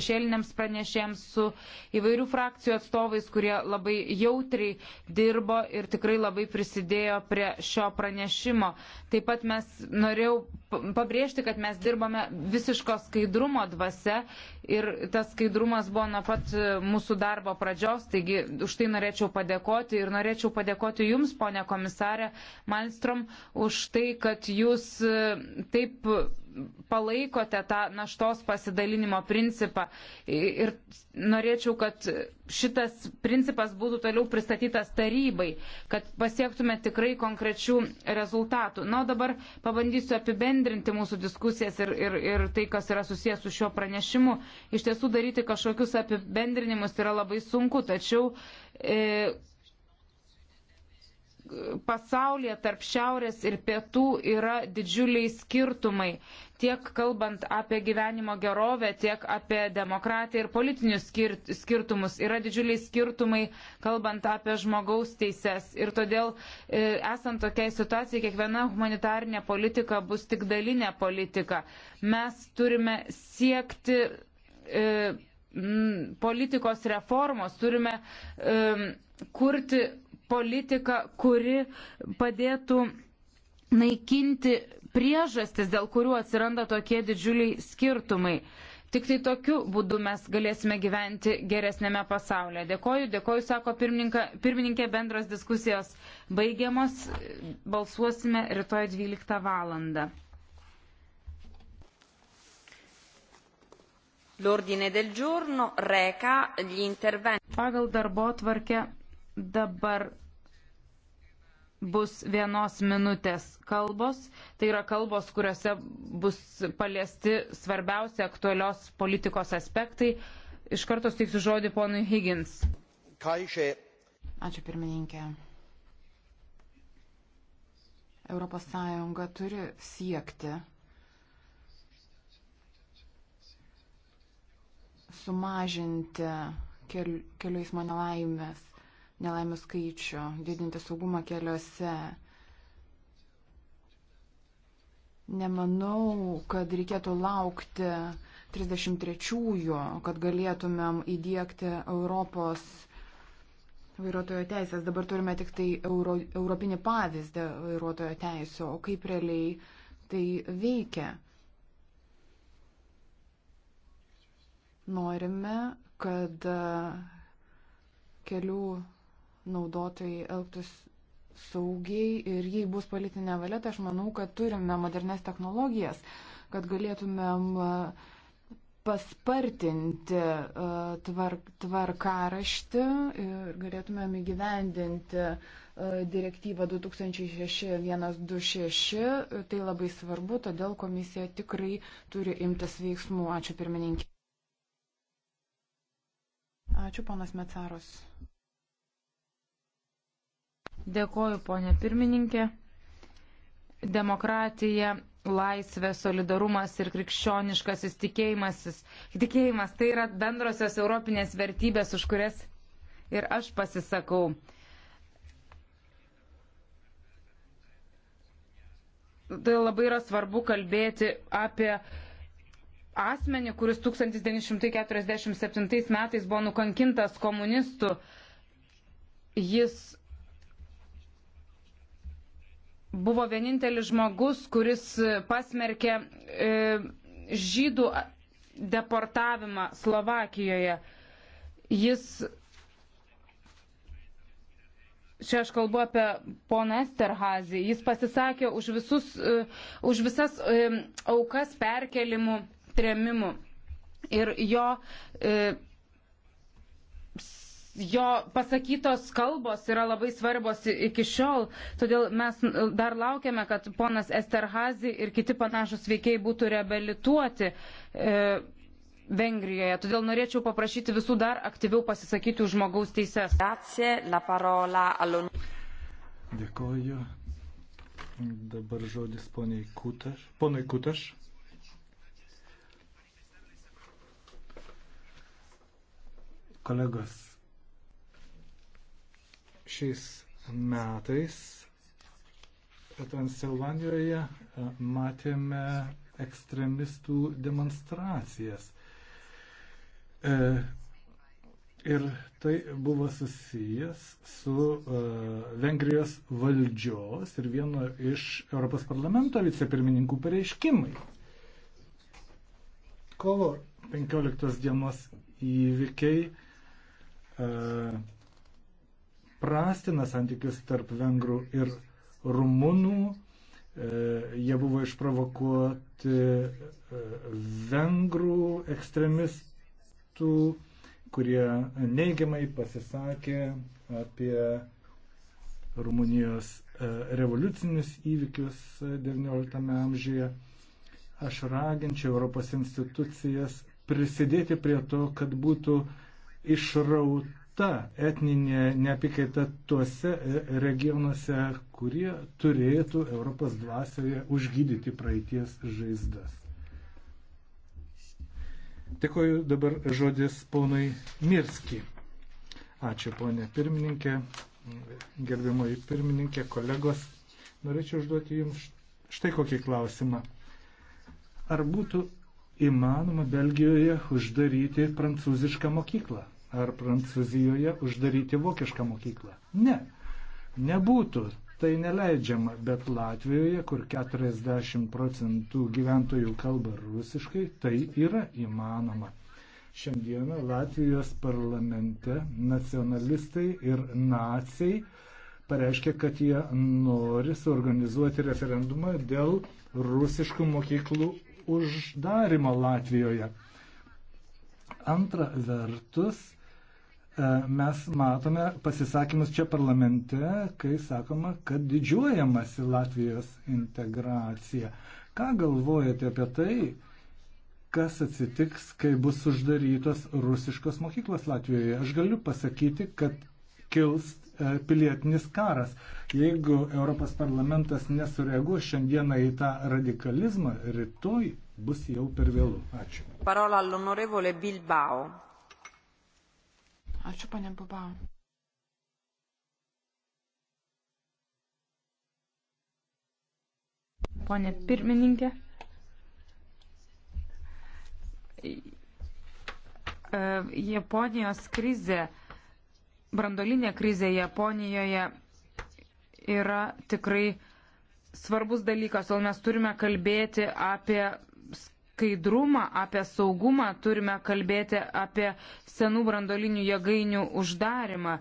šešėliniams pranešėjams, su įvairių frakcijų atstovais, kurie labai jautriai dirbo ir tikrai labai prisidėjo prie šio pranešimo. Taip pat mes norėjau pabrėžti, kad mes dirbame visiško skaidrumo dvasia ir tas skaidrumas buvo nuo pat e, mūsų darbo pradžios, taigi už tai norėčiau padėkoti ir norėčiau padėkoti Jums, ponė komisarė Malmstrom, už tai, kad Jūs e, taip palaikote tą naštos pasidalinimo principą ir norėčiau, kad šitas principas būtų toliau pristatytas tarybai, kad pasiektume tikrai konkrečių rezultatų. Na, o dabar pabandysiu apibendrinti mūsų diskusijas ir, ir, ir tai, kas yra susijęs su šiuo pranešimu. Iš tiesų daryti kažkokius apibendrinimus yra labai sunku, tačiau e, pasaulyje tarp šiaurės ir pietų yra didžiuliai skirtumai, tiek kalbant apie gyvenimo gerovę, tiek apie demokratiją ir politinius skirtumus. Yra didžiuliai skirtumai, kalbant apie žmogaus teises. Ir todėl, e, esant tokiai situacijai, kiekviena humanitarinė politika bus tik dalinė politika. Mes turime siekti. E, politikos reformos, turime um, kurti politiką, kuri padėtų naikinti priežastis, dėl kurių atsiranda tokie didžiuliai skirtumai. Tik tai tokiu būdu mes galėsime gyventi geresnėme pasaulyje. Dėkoju, dėkoju, sako pirmininkė, bendros diskusijos baigiamos. Balsuosime rytoj 12 valandą. L'ordine del giorno reca gli interventi. Pagal darbo tvarkę Dabar bus vienos minutės kalbos. Tai yra kalbos, kuriuose bus paliesti svarbiausi aktualios politikos aspektai. Iš karto steiksiu žodį ponui Higgins. Kaišė. Ačiū pirmininkė. Europos Sąjunga turi siekti sumažinti kelių eismo nelaimės nelaimių skaičių, didinti saugumą keliuose. Nemanau, kad reikėtų laukti 33-ųjų, kad galėtumėm įdėkti Europos vairuotojo teisės. Dabar turime tik tai euro, europinį pavyzdį vairuotojo teisų, o kaip realiai tai veikia. Norime, kad kelių naudotojai elgtųsi saugiai ir jei bus politinė valia, tai aš manau, kad turime modernes technologijas, kad galėtumėm e, paspartinti e, tvark, tvarkaraštį ir galėtumėm įgyvendinti e, direktyvą 2006-126. Tai labai svarbu, todėl komisija tikrai turi imtis veiksmų. Ačiū pirmininkė. Ačiū, panas Mecaros. Dėkoju, ponė pirmininkė. Demokratija, laisvė, solidarumas ir krikščioniškas tikėjimas tai yra bendrosios europinės vertybės, už kurias ir aš pasisakau. Tai labai yra svarbu kalbėti apie asmenį, kuris 1947 metais buvo nukankintas komunistų. Jis buvo vienintelis žmogus, kuris e, pasmerkė e, žydų deportavimą Slovakijoje. Jis. Čia aš kalbu apie poną Esterhazį. Jis pasisakė už, visus, e, už visas e, aukas perkelimų tremimų. Ir jo jo pasakytos kalbos yra labai svarbios iki šiol, todėl mes dar laukiame, kad ponas Esterhazi ir kiti panašus veikiai būtų reabilituoti. E, Vengrijoje. Todėl norėčiau paprašyti visų dar aktyviau pasisakyti už žmogaus teises. Dėkoju. Dabar žodis poniai Kutaš. Ponai Kutaš. Kolegos, Šiais metais Transilvanijoje e, matėme ekstremistų demonstracijas. E, ir tai buvo susijęs su e, Vengrijos valdžios ir vieno iš Europos parlamento vicepirmininkų pareiškimai. Kovo 15 dienos įvykiai e, prastina santykius tarp vengrų ir rumunų. E, jie buvo išprovokuoti e, vengrų ekstremistų, kurie neigiamai pasisakė apie Rumunijos e, revoliucinius įvykius XIX amžiuje. Aš raginčiau Europos institucijas prisidėti prie to, kad būtų išraut ta etninė neapykaita tuose e, regionuose, kurie turėtų Europos dvasioje užgydyti praeities žaizdas. Dėkoju dabar žodis ponui Mirski. Ačiū ponė pirmininkė, gerbimoji pirmininkė, kolegos. Norėčiau užduoti Jums štai kokį klausimą. Ar būtų įmanoma Belgijoje uždaryti prancūzišką mokyklą? ar Prancūzijoje uždaryti vokišką mokyklą. Ne, nebūtų. Tai neleidžiama, bet Latvijoje, kur 40 procentų gyventojų kalba rusiškai, tai yra įmanoma. Šiandieną Latvijos parlamente nacionalistai ir nacijai pareiškė, kad jie nori suorganizuoti referendumą dėl rusiškų mokyklų uždarimo Latvijoje. Antra vertus, E, mes matome pasisakymus čia parlamente, kai sakoma, kad didžiuojamasi Latvijos integracija. Ką galvojate apie tai, kas atsitiks, kai bus uždarytos rusiškos mokyklos Latvijoje? Aš galiu pasakyti, kad kils e, pilietinis karas. Jeigu Europos parlamentas nesureaguos šiandieną į tą radikalizmą, rytoj bus jau per vėlų. Ačiū. Parola all'onorevole Bilbao. Ačiū, panė Bubau. Pone pirmininkė. E, Japonijos krizė, brandolinė krizė Japonijoje yra tikrai svarbus dalykas, o mes turime kalbėti apie skaidrumą, apie saugumą, turime kalbėti apie senų brandolinių jėgainių uždarimą.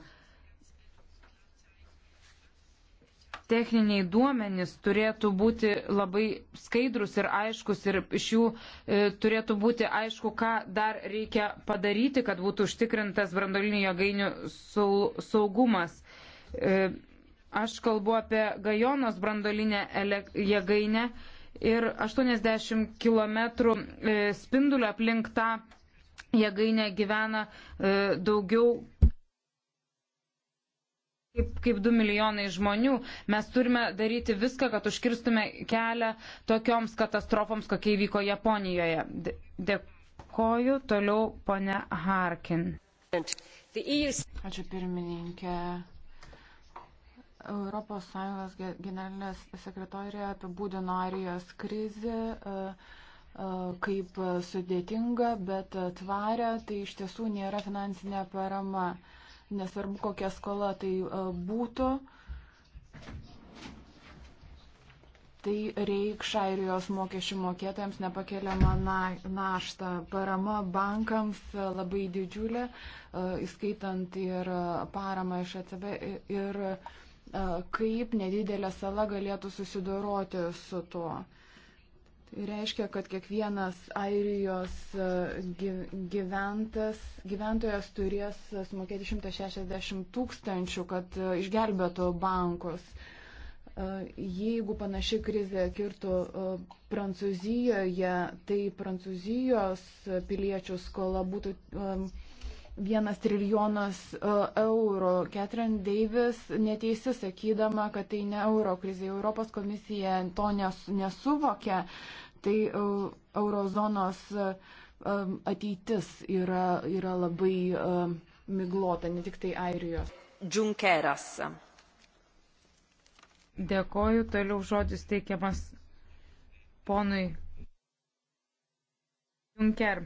Techniniai duomenys turėtų būti labai skaidrus ir aiškus ir iš jų e, turėtų būti aišku, ką dar reikia padaryti, kad būtų užtikrintas brandolinių jėgainių saugumas. E, aš kalbu apie Gajonos brandolinę jėgainę. E, ir 80 km e, spindulio aplink tą jėgainę gyvena e, daugiau kaip, kaip 2 milijonai žmonių. Mes turime daryti viską, kad užkirstume kelią tokioms katastrofoms, kokie įvyko Japonijoje. Dėkoju toliau, ponia Harkin. E Ačiū pirmininkė. ES generalinės sekretorė apibūdino Arijos krizę e, e, kaip sudėtinga, bet tvarę, tai iš tiesų nėra finansinė parama. Nesvarbu, kokia skola tai e, būtų, tai reikš airijos mokesčių mokėtojams nepakeliamą na, naštą. Parama bankams labai didžiulė, įskaitant ir paramą iš ECB. Ir, ir E, kaip nedidelė sala galėtų susidoroti su tuo. Tai reiškia, kad kiekvienas Airijos e, gyventas, gyventojas turės sumokėti 160 tūkstančių, kad e, išgelbėtų bankus. Jeigu panaši krizė kirtų Prancūzijoje, tai Prancūzijos piliečių skola būtų vienas trilijonas e, eurų. Catherine Davis neteisi sakydama, kad tai ne euro krizė. Europos komisija to nes, nesuvokia. Tai e, eurozonos e, ateitis yra, yra labai miglota, ne tik tai Airijos. Džunkeras. Dėkoju, toliau žodis teikiamas ponui Junker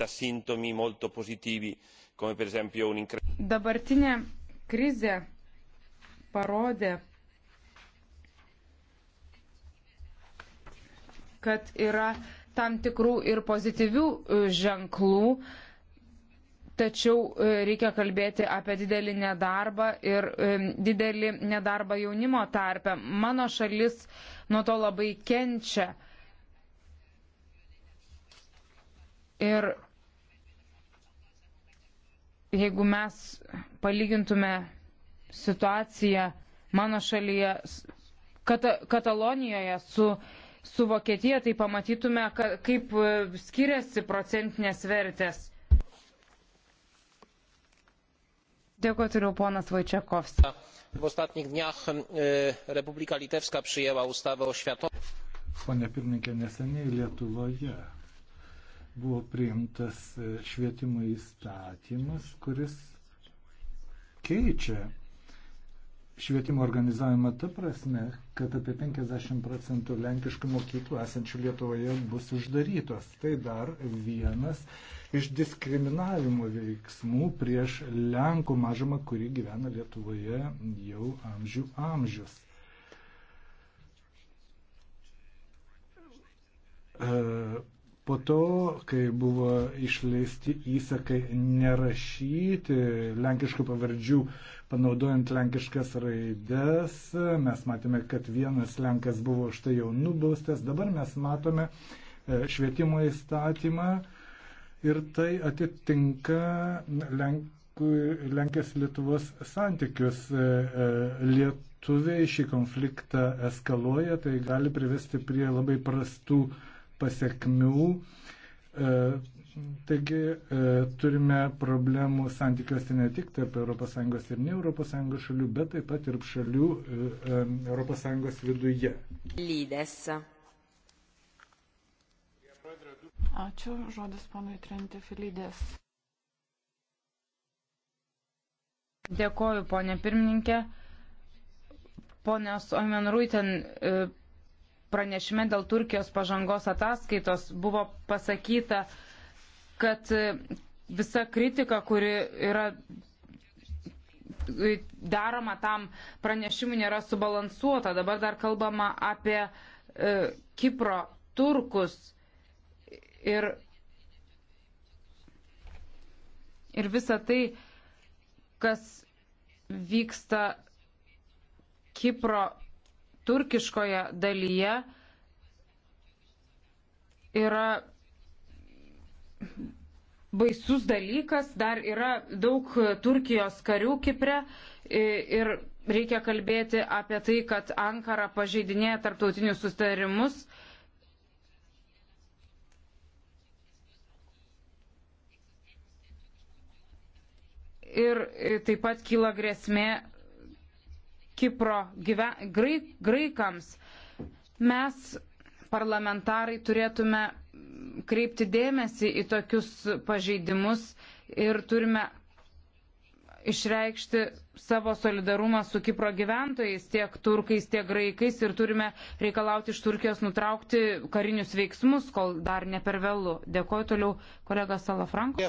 presenta sintomi molto positivi, come per esempio un incremento. Dabartinė krizė parodė, kad yra tam tikrų ir pozityvių e, ženklų, tačiau e, reikia kalbėti apie didelį nedarbą ir e, didelį nedarbą jaunimo tarpę. Mano šalis nuo to labai kenčia. Ir jeigu mes palygintume situaciją mano šalyje, Kata, Katalonijoje su, su Vokietija, tai pamatytume, ka, kaip e, skiriasi procentinės vertės. Dėkui, turiu ponas Vaičiakovskis. W ostatnich dniach e, Republika Litewska przyjęła ustawę o światowym. Panie pirmininkė, neseniai Lietuvoje buvo priimtas e, švietimo įstatymas, kuris keičia švietimo organizavimą ta prasme, kad apie 50 procentų lenkiškų mokyklų esančių Lietuvoje bus uždarytos. Tai dar vienas iš diskriminavimo veiksmų prieš lenkų mažumą, kuri gyvena Lietuvoje jau amžių amžius. E, Po to, kai buvo išleisti įsakai nerašyti lenkiškų pavardžių, panaudojant lenkiškas raides, mes matėme, kad vienas lenkas buvo už tai jau nubaustas, dabar mes matome e, švietimo įstatymą ir tai atitinka lenk Lenkijos Lietuvos santykius. E, e, lietuviai šį konfliktą eskaluoja, tai gali privesti prie labai prastų pasiekmių. E, taigi e, turime problemų santykiuose ne tik tarp ES ir ne ES šalių, bet taip pat ir šalių e, ES viduje. Lydės. Ačiū, žodis ponui Trenti Filidės. Dėkoju, ponė pirmininkė. Ponės Oimen Ruiten pranešime dėl Turkijos pažangos ataskaitos buvo pasakyta, kad e, visa kritika, kuri yra e, daroma tam pranešimui, nėra subalansuota. Dabar dar kalbama apie e, Kipro turkus ir, ir visa tai, kas vyksta Kipro turkiškoje dalyje yra baisus dalykas, dar yra daug Turkijos karių Kipre ir reikia kalbėti apie tai, kad Ankara pažeidinėja tarptautinius sustarimus. Ir taip pat kyla grėsmė Kipro gyven, graik, graikams, mes parlamentarai turėtume kreipti dėmesį į tokius pažeidimus ir turime išreikšti savo solidarumą su Kipro gyventojais, tiek turkais, tiek graikais ir turime reikalauti iš Turkijos nutraukti karinius veiksmus, kol dar ne per vėlų. Dėkoju toliau kolega Salafranko.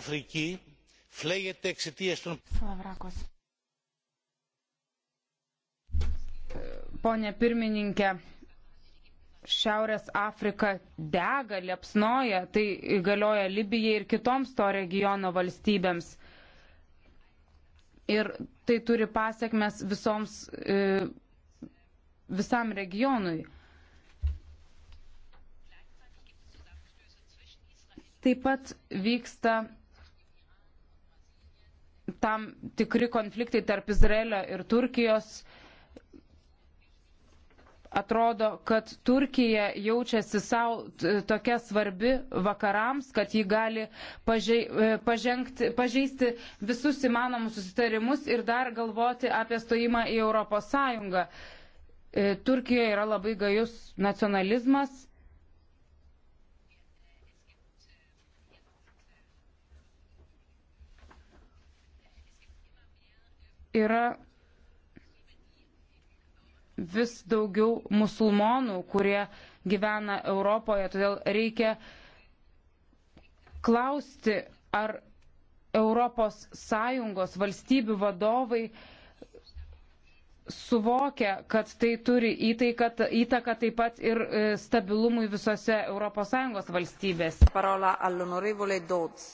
Salafrakos. ponė pirmininkė. Šiaurės Afrika dega, liepsnoja, tai galioja Libijai ir kitoms to regiono valstybėms. Ir tai turi pasiekmes visoms, e, visam regionui. Taip pat vyksta tam tikri konfliktai tarp Izraelio ir Turkijos atrodo, kad Turkija jaučiasi savo e, tokia svarbi vakarams, kad ji gali pažei, e, pažengti, pažeisti visus įmanomus susitarimus ir dar galvoti apie stojimą į Europos Sąjungą. E, Turkijoje yra labai gajus nacionalizmas. Yra vis daugiau musulmonų, kurie gyvena Europoje. Todėl reikia klausti, ar ES valstybių vadovai suvokia, kad tai turi įtaką, įtaką taip pat ir e, stabilumui visose ES valstybėse. Parola all'onorevole Dodds.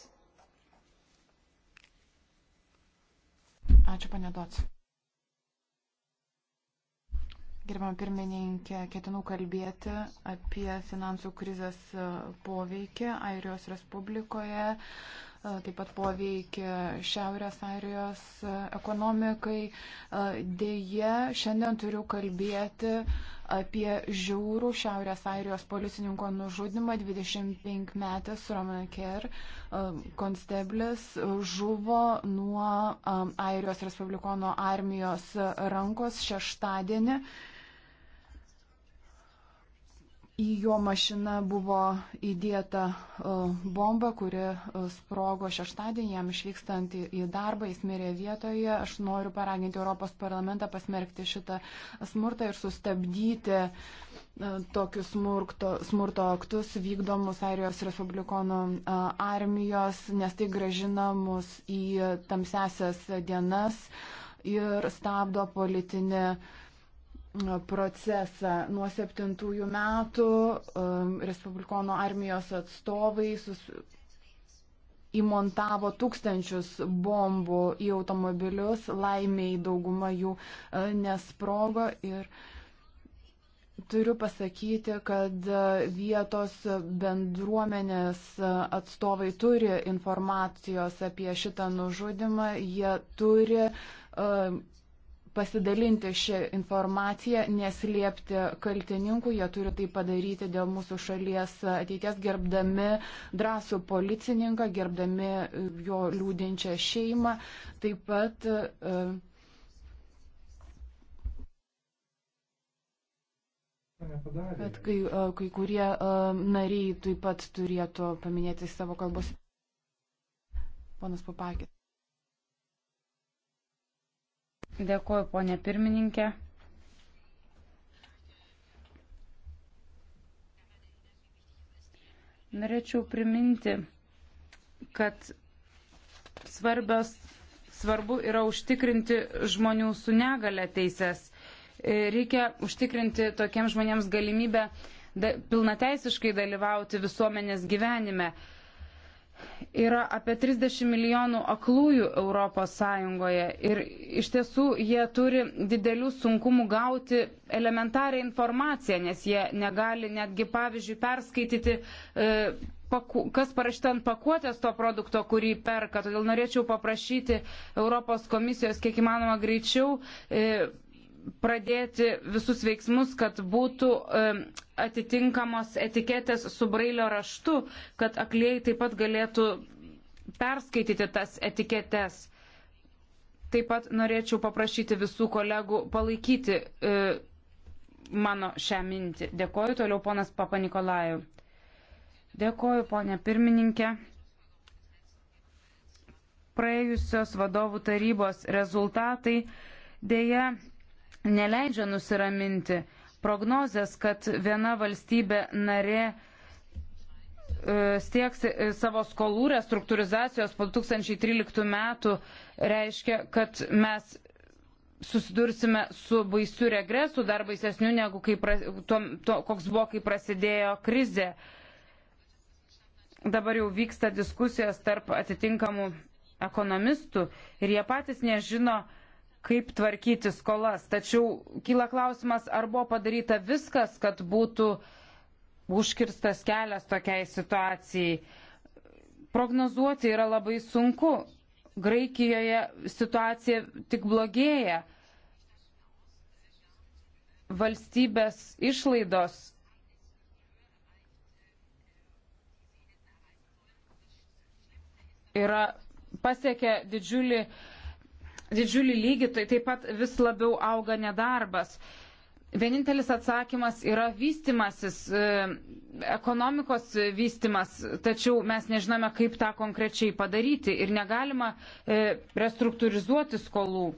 Ačiū, pane Dots. Gerbama pirmininkė, ketinau kalbėti apie finansų krizės e, poveikį Airijos Respublikoje, e, taip pat poveikį Šiaurės Airijos e, ekonomikai. Deja, šiandien turiu kalbėti apie žiaurų Šiaurės Airijos policininko nužudimą. 25-metis Roman Kerr, konsteblis, žuvo nuo Airijos Respublikono armijos rankos šeštadienį į jo mašiną buvo įdėta e, bomba, kuri e, sprogo šeštadienį, jam išvykstant į darbą, jis mirė vietoje. Aš noriu paraginti Europos parlamentą pasmerkti šitą smurtą ir sustabdyti e, tokius smurto, smurto aktus vykdomus Airijos Respublikonų armijos, nes tai gražina mus į tamsesias dienas ir stabdo politinį procesą. Nuo septintųjų metų um, Respublikonų armijos atstovai sus... įmontavo tūkstančius bombų į automobilius, laimiai dauguma jų e, nesprogo ir turiu pasakyti, kad e, vietos bendruomenės e, atstovai turi informacijos apie šitą nužudimą, jie turi pasidalinti šią informaciją, neslėpti kaltininkų, jie turi tai padaryti dėl mūsų šalies ateities, gerbdami drąsų policininką, gerbdami jo liūdinčią šeimą. Taip pat e, Bet kai, e, kai kurie e, nariai taip pat turėtų paminėti savo kalbos. Ponas Papakė. Dėkuoju, ponė pirmininkė. Norėčiau priminti, kad svarbios, svarbu yra užtikrinti žmonių su negale teises. Reikia užtikrinti tokiems žmonėms galimybę da, pilnateisiškai dalyvauti visuomenės gyvenime. Uh, yra apie 30 milijonų aklųjų Europos Sąjungoje ir iš tiesų jie turi didelių sunkumų gauti elementarią informaciją, nes jie negali netgi, pavyzdžiui, perskaityti. E, kas parašyta ant pakuotės to produkto, kurį perka. Todėl norėčiau paprašyti Europos komisijos kiek įmanoma greičiau e, pradėti visus veiksmus, kad būtų atitinkamos etiketės su brailio raštu, kad aklėjai taip pat galėtų perskaityti tas etiketes. Taip pat norėčiau paprašyti visų kolegų palaikyti e, mano šią mintį. Dėkoju toliau ponas Papa Nikolaju. Dėkoju ponė pirmininkė. Praėjusios vadovų tarybos rezultatai dėja neleidžia nusiraminti. Prognozės, kad viena valstybė narė e, stieks e, savo skolų restruktūrizacijos po 2013 metų reiškia, kad mes susidursime su baisiu regresu, dar baisesniu negu kai, to, to, koks buvo, kai prasidėjo krizė. Dabar jau vyksta diskusijos tarp atitinkamų ekonomistų ir jie patys nežino, kaip tvarkyti skolas. Tačiau kyla klausimas, ar buvo padaryta viskas, kad būtų užkirstas kelias tokiai situacijai. Prognozuoti yra labai sunku. Graikijoje situacija tik blogėja. Valstybės išlaidos yra pasiekę didžiulį uh, didžiulį lygį, tai taip pat vis labiau auga nedarbas. Vienintelis atsakymas yra vystimasis, e, ekonomikos vystimas, tačiau mes nežinome, kaip tą konkrečiai padaryti ir negalima e, restruktūrizuoti skolų.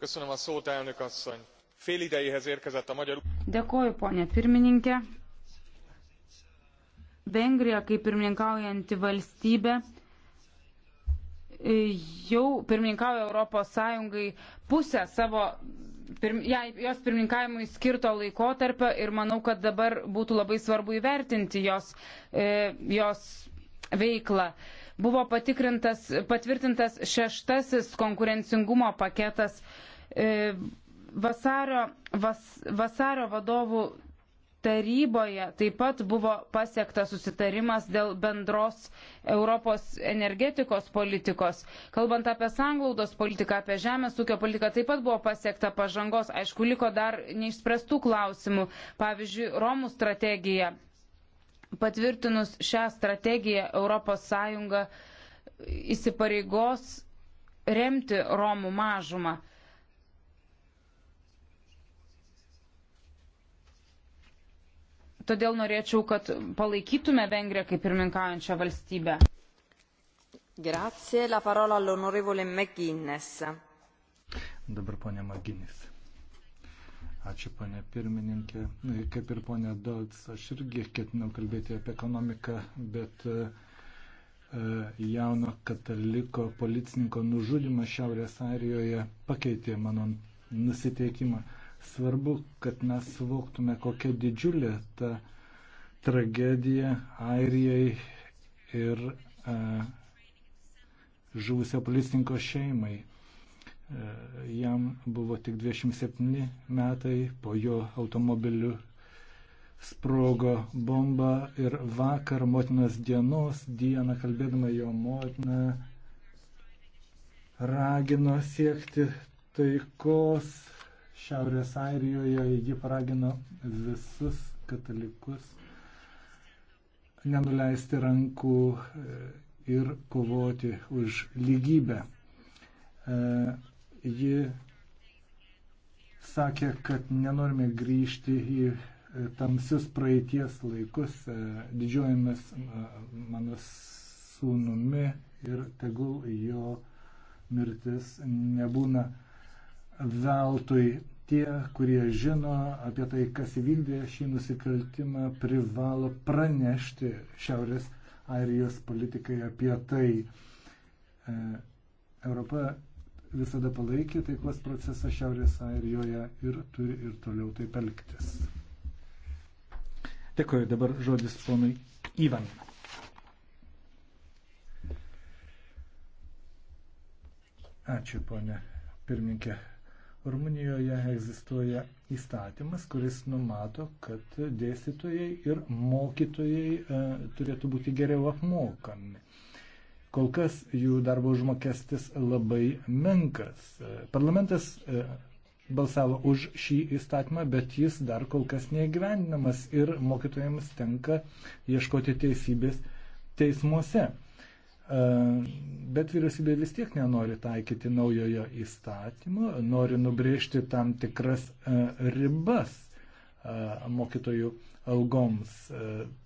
Köszönöm a szót, elnök asszony. Fél idejéhez érkezett a magyar... Dėkoju, ponė pirmininkė. Vengrija, kaip pirmininkaujanti valstybė, jau pirmininkauja Europos Sąjungai pusę savo, pirm, ja, jos pirmininkavimui skirto laikotarpio ir manau, kad dabar būtų labai svarbu įvertinti jos, e, jos veiklą. Buvo patvirtintas šeštasis konkurencingumo paketas. E, vasario, vas, vasario vadovų taryboje taip pat buvo pasiektas susitarimas dėl bendros Europos energetikos politikos. Kalbant apie sanglaudos politiką, apie žemės ūkio politiką, taip pat buvo pasiekta pažangos. Aišku, liko dar neišspręstų klausimų, pavyzdžiui, Romų strategija. Patvirtinus šią strategiją, ES įsipareigos remti Romų mažumą. Todėl norėčiau, kad palaikytume Vengriją kaip pirmininkaujančią valstybę. Grazie, la parola all'onorevole McGuinness. Dabar ponia Maginis. Ačiū ponė pirmininkė. Kaip ir ponė Dots, aš irgi ketinau kalbėti apie ekonomiką, bet e, jauno kataliko policininko nužudimas Šiaurės Airijoje pakeitė mano nusiteikimą. Svarbu, kad mes suvoktume, kokia didžiulė ta tragedija Airijai ir e, žuvusio policininko šeimai. E, jam buvo tik 27 metai, po jo automobiliu sprogo bomba ir vakar motinos dienos dieną, kalbėdama jo motina, ragino siekti taikos Šiaurės Airijoje ji paragino visus katalikus nenuleisti rankų e, ir kovoti už lygybę. E, ji sakė, kad nenorime grįžti į e, tamsius praeities laikus, didžiuojamės mano sūnumi ir tegul jo mirtis nebūna veltui. Tie, kurie žino apie tai, kas įvykdė šį nusikaltimą, privalo pranešti Šiaurės Airijos politikai apie tai. E, Europa visada palaikė taikos procesą Šiaurės Airijoje ir turi ir toliau taip elgtis. Dėkuoju, dabar žodis ponui Ivan. Ačiū, ponė pirmininkė. Rumunijoje egzistuoja įstatymas, kuris numato, kad dėstytojai ir mokytojai e, turėtų būti geriau apmokami. Kol kas jų darbo užmokestis labai menkas. E, parlamentas e, balsavo už šį įstatymą, bet jis dar kol kas neįgyvendinamas ir mokytojams tenka ieškoti teisybės teismuose. E, bet vyriausybė vis tiek nenori taikyti naujojo įstatymo, nori nubrėžti tam tikras e, ribas e, mokytojų algoms.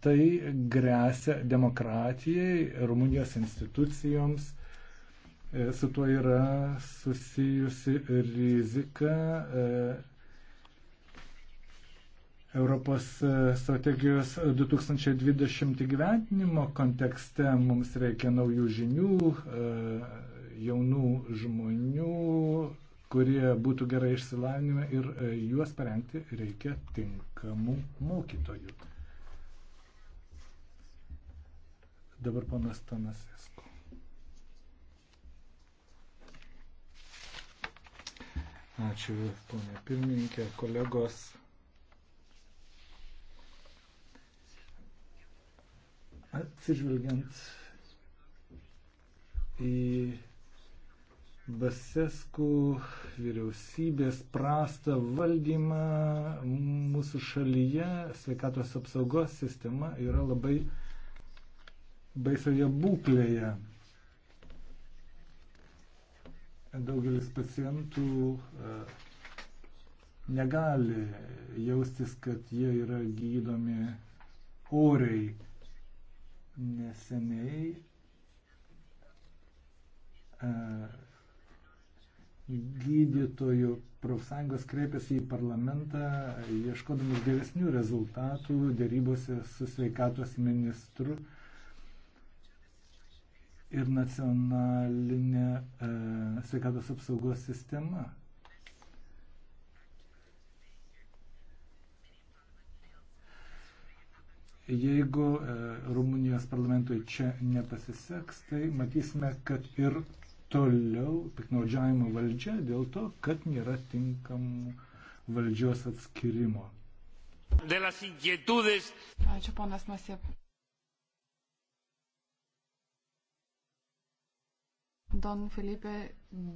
Tai grėsia demokratijai, Rumunijos institucijoms. Su tuo yra susijusi rizika Europos e, strategijos 2020 gyventinimo kontekste mums reikia naujų žinių, e, jaunų žmonių, kurie būtų gerai išsilavinime ir e, juos parengti reikia tinkamų mokytojų. Dabar panas Tanas Esko. Ačiū, ponė pirmininkė, kolegos. atsižvelgiant į Baseskų vyriausybės prastą valdymą mūsų šalyje sveikatos apsaugos sistema yra labai baisoje būklėje. Daugelis pacientų e, negali jaustis, kad jie yra gydomi oriai neseniai gydytojų profsąjungos kreipėsi į parlamentą, ieškodamas geresnių rezultatų dėrybose su sveikatos ministru ir nacionalinė e, sveikatos apsaugos sistema. Jeigu e, Rumunijos parlamentui čia nepasiseks, tai matysime, kad ir toliau piknaudžiavimo valdžia dėl to, kad nėra tinkamų valdžios atskirimo. Ačiū, ponas Masip. Don Felipe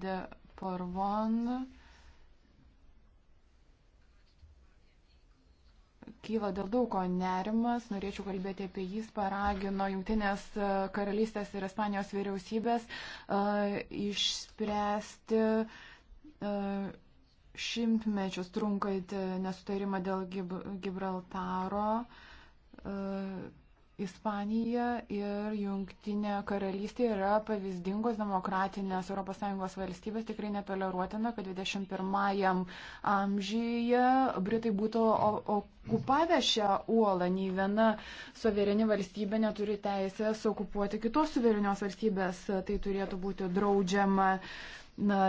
de Porvon kyla dėl daug ko nerimas, norėčiau kalbėti apie jį, paragino Junktinės e, karalystės ir Ispanijos vyriausybės uh, išspręsti uh, šimtmečius trunkantį nesutarimą dėl Gib Gibraltaro. Uh, Ispanija ir Junktinė karalystė yra pavyzdingos demokratinės ES valstybės. Tikrai netoleruotina, kad 21-ajam amžyje Britai būtų okupavę šią uolą. Nei viena suvereni valstybė neturi teisės okupuoti kitos suverenios valstybės. Tai turėtų būti draudžiama. Uh, na,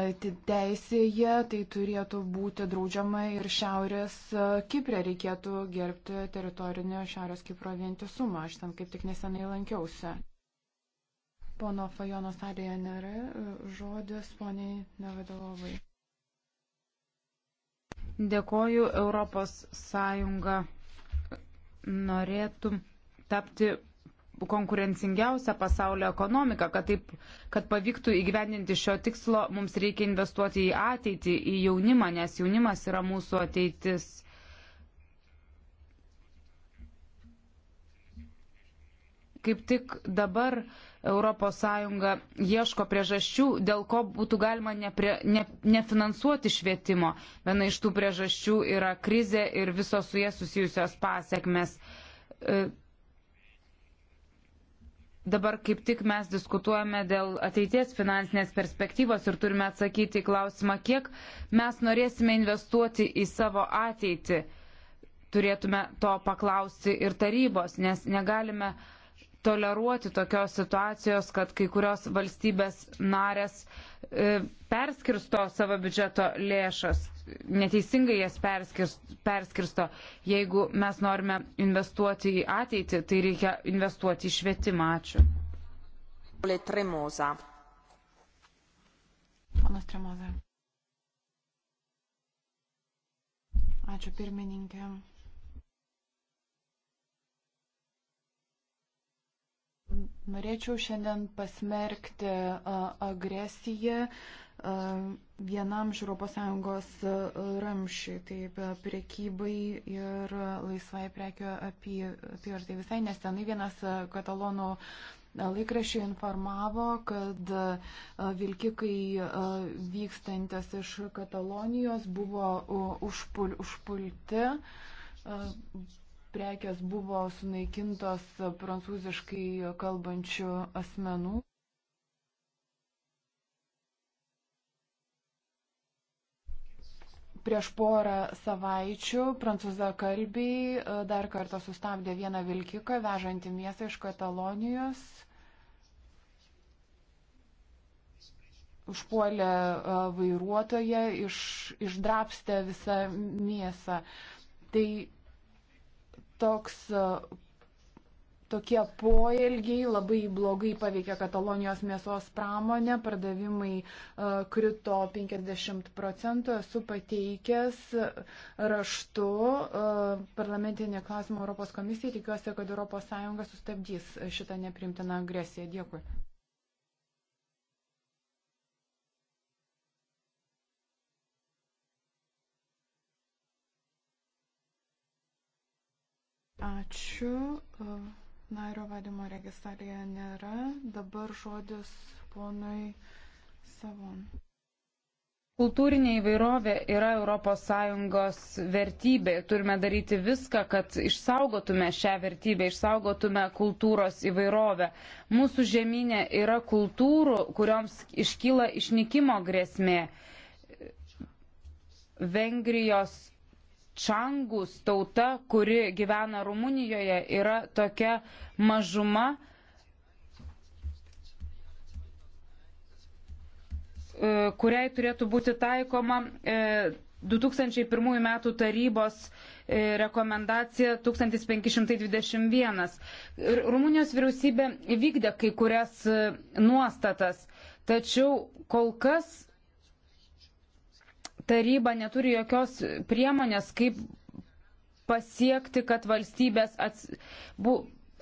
teisėje tai turėtų būti draudžiama ir Šiaurės e, Kiprė reikėtų gerbti teritorinio Šiaurės Kipro vientisumą. Aš ten kaip tik nesenai lankiausi. Pono Fajono salėje nėra e, žodis, poniai nevadovai. Dėkoju, Europos Sąjunga norėtų tapti konkurencingiausią pasaulio ekonomiką, kad, taip, kad pavyktų įgyvendinti šio tikslo, mums reikia investuoti į ateitį, į jaunimą, nes jaunimas yra mūsų ateitis. Kaip tik dabar ES ieško priežasčių, dėl ko būtų galima nepre, ne, nefinansuoti švietimo. Viena iš tų priežasčių yra krizė ir visos su jie susijusios pasiekmes. E, Dabar kaip tik mes diskutuojame dėl ateities finansinės perspektyvos ir turime atsakyti į klausimą, kiek mes norėsime investuoti į savo ateitį. Turėtume to paklausti ir tarybos, nes negalime uh, toleruoti tokios situacijos, kad kai kurios valstybės narės e, perskirsto savo biudžeto lėšas, neteisingai jas perskirsto. Jeigu mes norime investuoti į ateitį, tai reikia investuoti į švietimą. Ačiū. Ponas Tremoza. Ačiū pirmininkė. Norėčiau šiandien pasmerkti agresiją vienam iš ES ramšiai, taip priekybai ir laisvai prekio apyvartai. Visai nesenai vienas katalonų laikrašiai informavo, kad vilkikai vykstantis iš Katalonijos buvo užpul, užpulti prekes buvo sunaikintos prancūziškai kalbančių asmenų. Prieš porą savaičių prancūzakalbiai e, dar kartą sustabdė vieną vilkiką vežantį mėsą iš Katalonijos. užpuolė e, vairuotoją, iš, išdrapstė visą mėsą. Tai toks, e, tokie poelgiai labai blogai paveikė Katalonijos mėsos pramonę, pardavimai e, krito 50 procentų, esu pateikęs raštu e, parlamentinį klausimą Europos komisijai, tikiuosi, kad ES sustabdys šitą neprimtiną agresiją. Dėkui. Ačiū. E, Nairio vadimo registralėje nėra. Dabar žodis ponui Savon. Kultūrinė įvairovė yra ES vertybė. Turime daryti viską, kad išsaugotume šią vertybę, išsaugotume kultūros įvairovę. Mūsų žemynė yra kultūrų, kurioms iškyla išnykimo grėsmė. Vengrijos Čangus tauta, kuri gyvena Rumunijoje, yra tokia mažuma. E, kuriai turėtų būti taikoma 2001 e, m. tarybos e, rekomendacija 1521. Rumunijos vyriausybė įvykdė kai kurias nuostatas, tačiau kol kas taryba neturi jokios priemonės, kaip pasiekti, kad valstybės ats, bu,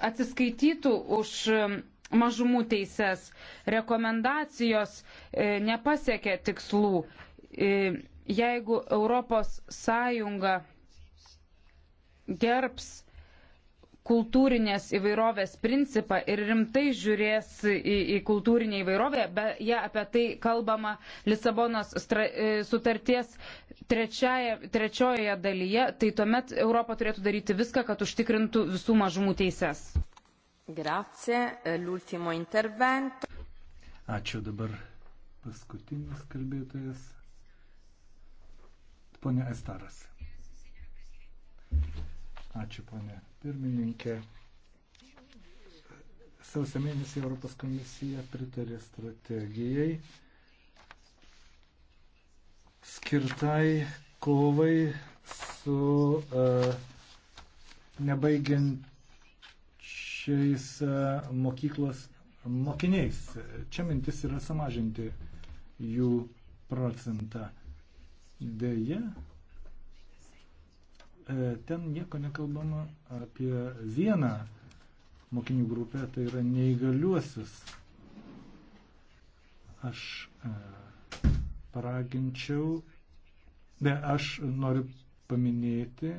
atsiskaitytų už um, mažumų teises. Rekomendacijos e, nepasiekė tikslų. E, jeigu Europos Sąjunga gerbs kultūrinės įvairovės principą ir rimtai žiūrės į, į kultūrinę įvairovę, bet jie apie tai kalbama Lisabonos stra, e, sutarties trečiaja, trečiojoje dalyje, tai tuomet Europa turėtų daryti viską, kad užtikrintų visų mažumų teises. Grazie, e, l'ultimo intervento. Ačiū dabar paskutinis kalbėtojas. Pone Estaras. Ačiū, ponė pirmininkė. Sausio mėnesį Europos komisija pritarė strategijai skirtai kovai su uh, nebaigiančiais uh, mokyklos mokiniais. Čia mintis yra sumažinti jų procentą. Deja, E, ten nieko nekalbama apie vieną mokinių grupę, tai yra neįgaliuosius. Aš e, paraginčiau, ne, aš noriu paminėti,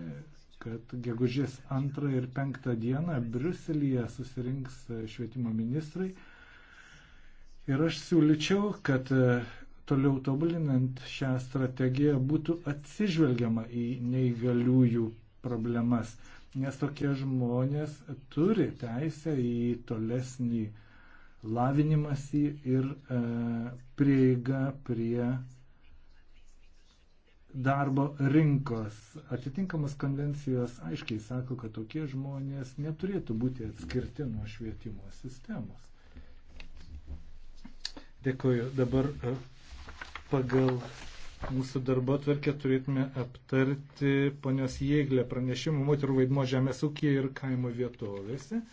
kad gegužės 2 ir 5 dieną Bruselėje susirinks švietimo ministrai. Ir aš siūlyčiau, kad e, toliau tobulinant šią strategiją būtų atsižvelgiama į neįgaliųjų problemas, nes tokie žmonės turi teisę į tolesnį lavinimąsi ir e, prieigą prie darbo rinkos. Atitinkamas konvencijos aiškiai sako, kad tokie žmonės neturėtų būti atskirti nuo švietimo sistemos. Dėkuoju. Dabar e, pagal mūsų darbo atverkę turėtume aptarti ponios Jėglė pranešimų moterų vaidmo žemės ūkija ir kaimo vietovėse.